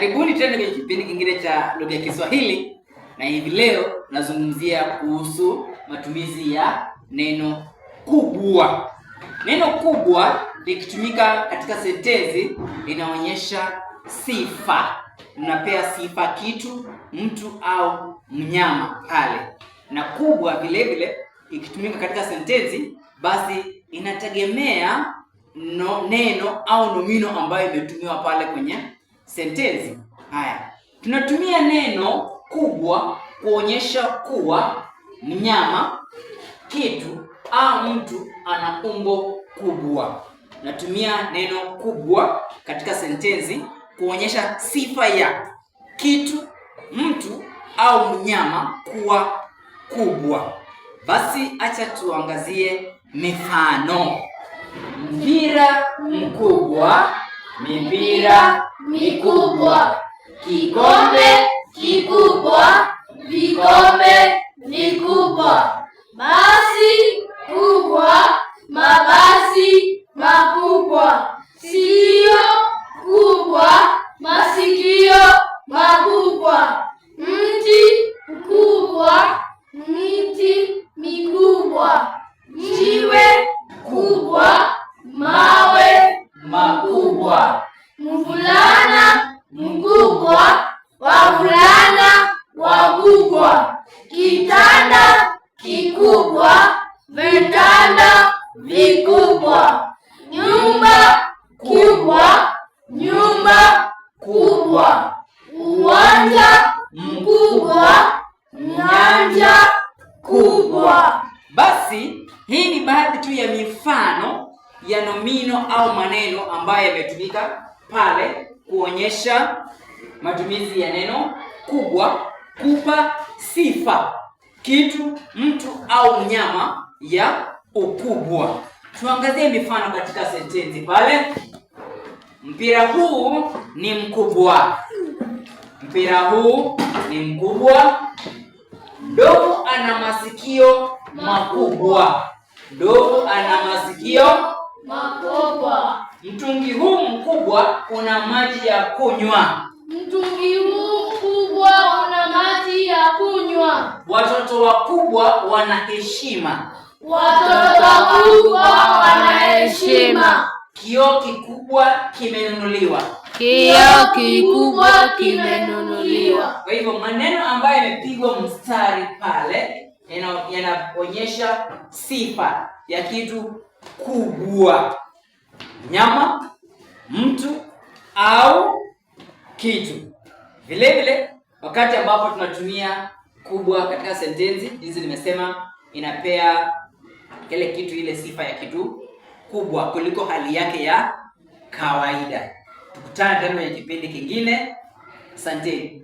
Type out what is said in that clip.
Karibuni tena kwenye kipindi kingine cha lugha ya Kiswahili, na hivi leo nazungumzia kuhusu matumizi ya neno kubwa. Neno kubwa likitumika katika sentensi linaonyesha sifa, unapea sifa kitu, mtu au mnyama pale, na kubwa vile vile ikitumika katika sentensi basi inategemea no, neno au nomino ambayo imetumiwa pale kwenye sentensi. Haya, tunatumia neno kubwa kuonyesha kuwa mnyama, kitu au mtu ana umbo kubwa. Natumia neno kubwa katika sentensi kuonyesha sifa ya kitu, mtu au mnyama kuwa kubwa. Basi acha tuangazie mifano. Mpira mkubwa mipira mikubwa, kikombe kikubwa, vikombe vikubwa, basi kubwa, mabasi makubwa, sikio kubwa, masikio makubwa, mti mkubwa, miti mikubwa, jiwe vitanda vikubwa, nyumba kubwa, nyumba kubwa, uwanja mkubwa, nyanja kubwa. Basi hii ni baadhi tu ya mifano ya nomino au maneno ambayo yametumika pale kuonyesha matumizi ya neno kubwa kupa sifa kitu, mtu au mnyama ya ukubwa. Tuangazie mifano katika sentensi pale. Mpira huu ni mkubwa. Mpira huu ni mkubwa. Ndovu ana masikio makubwa. Ndovu ana masikio makubwa. Mtungi huu mkubwa una maji ya kunywa. Mtungi huu mkubwa una maji ya kunywa. Watoto wakubwa wana heshima. Watoto kubwa heshima. Kioo kikubwa kimenunuliwa. Kioo kikubwa kimenunuliwa. Kwa hivyo maneno ambayo yamepigwa mstari pale yanaonyesha sifa ya kitu kubwa, nyama, mtu au kitu. Vile vile wakati ambapo tunatumia kubwa katika sentensi, jinsi nimesema, inapea kile kitu, ile sifa ya kitu kubwa kuliko hali yake ya kawaida. Tukutane tena kwenye kipindi kingine. Asanteni.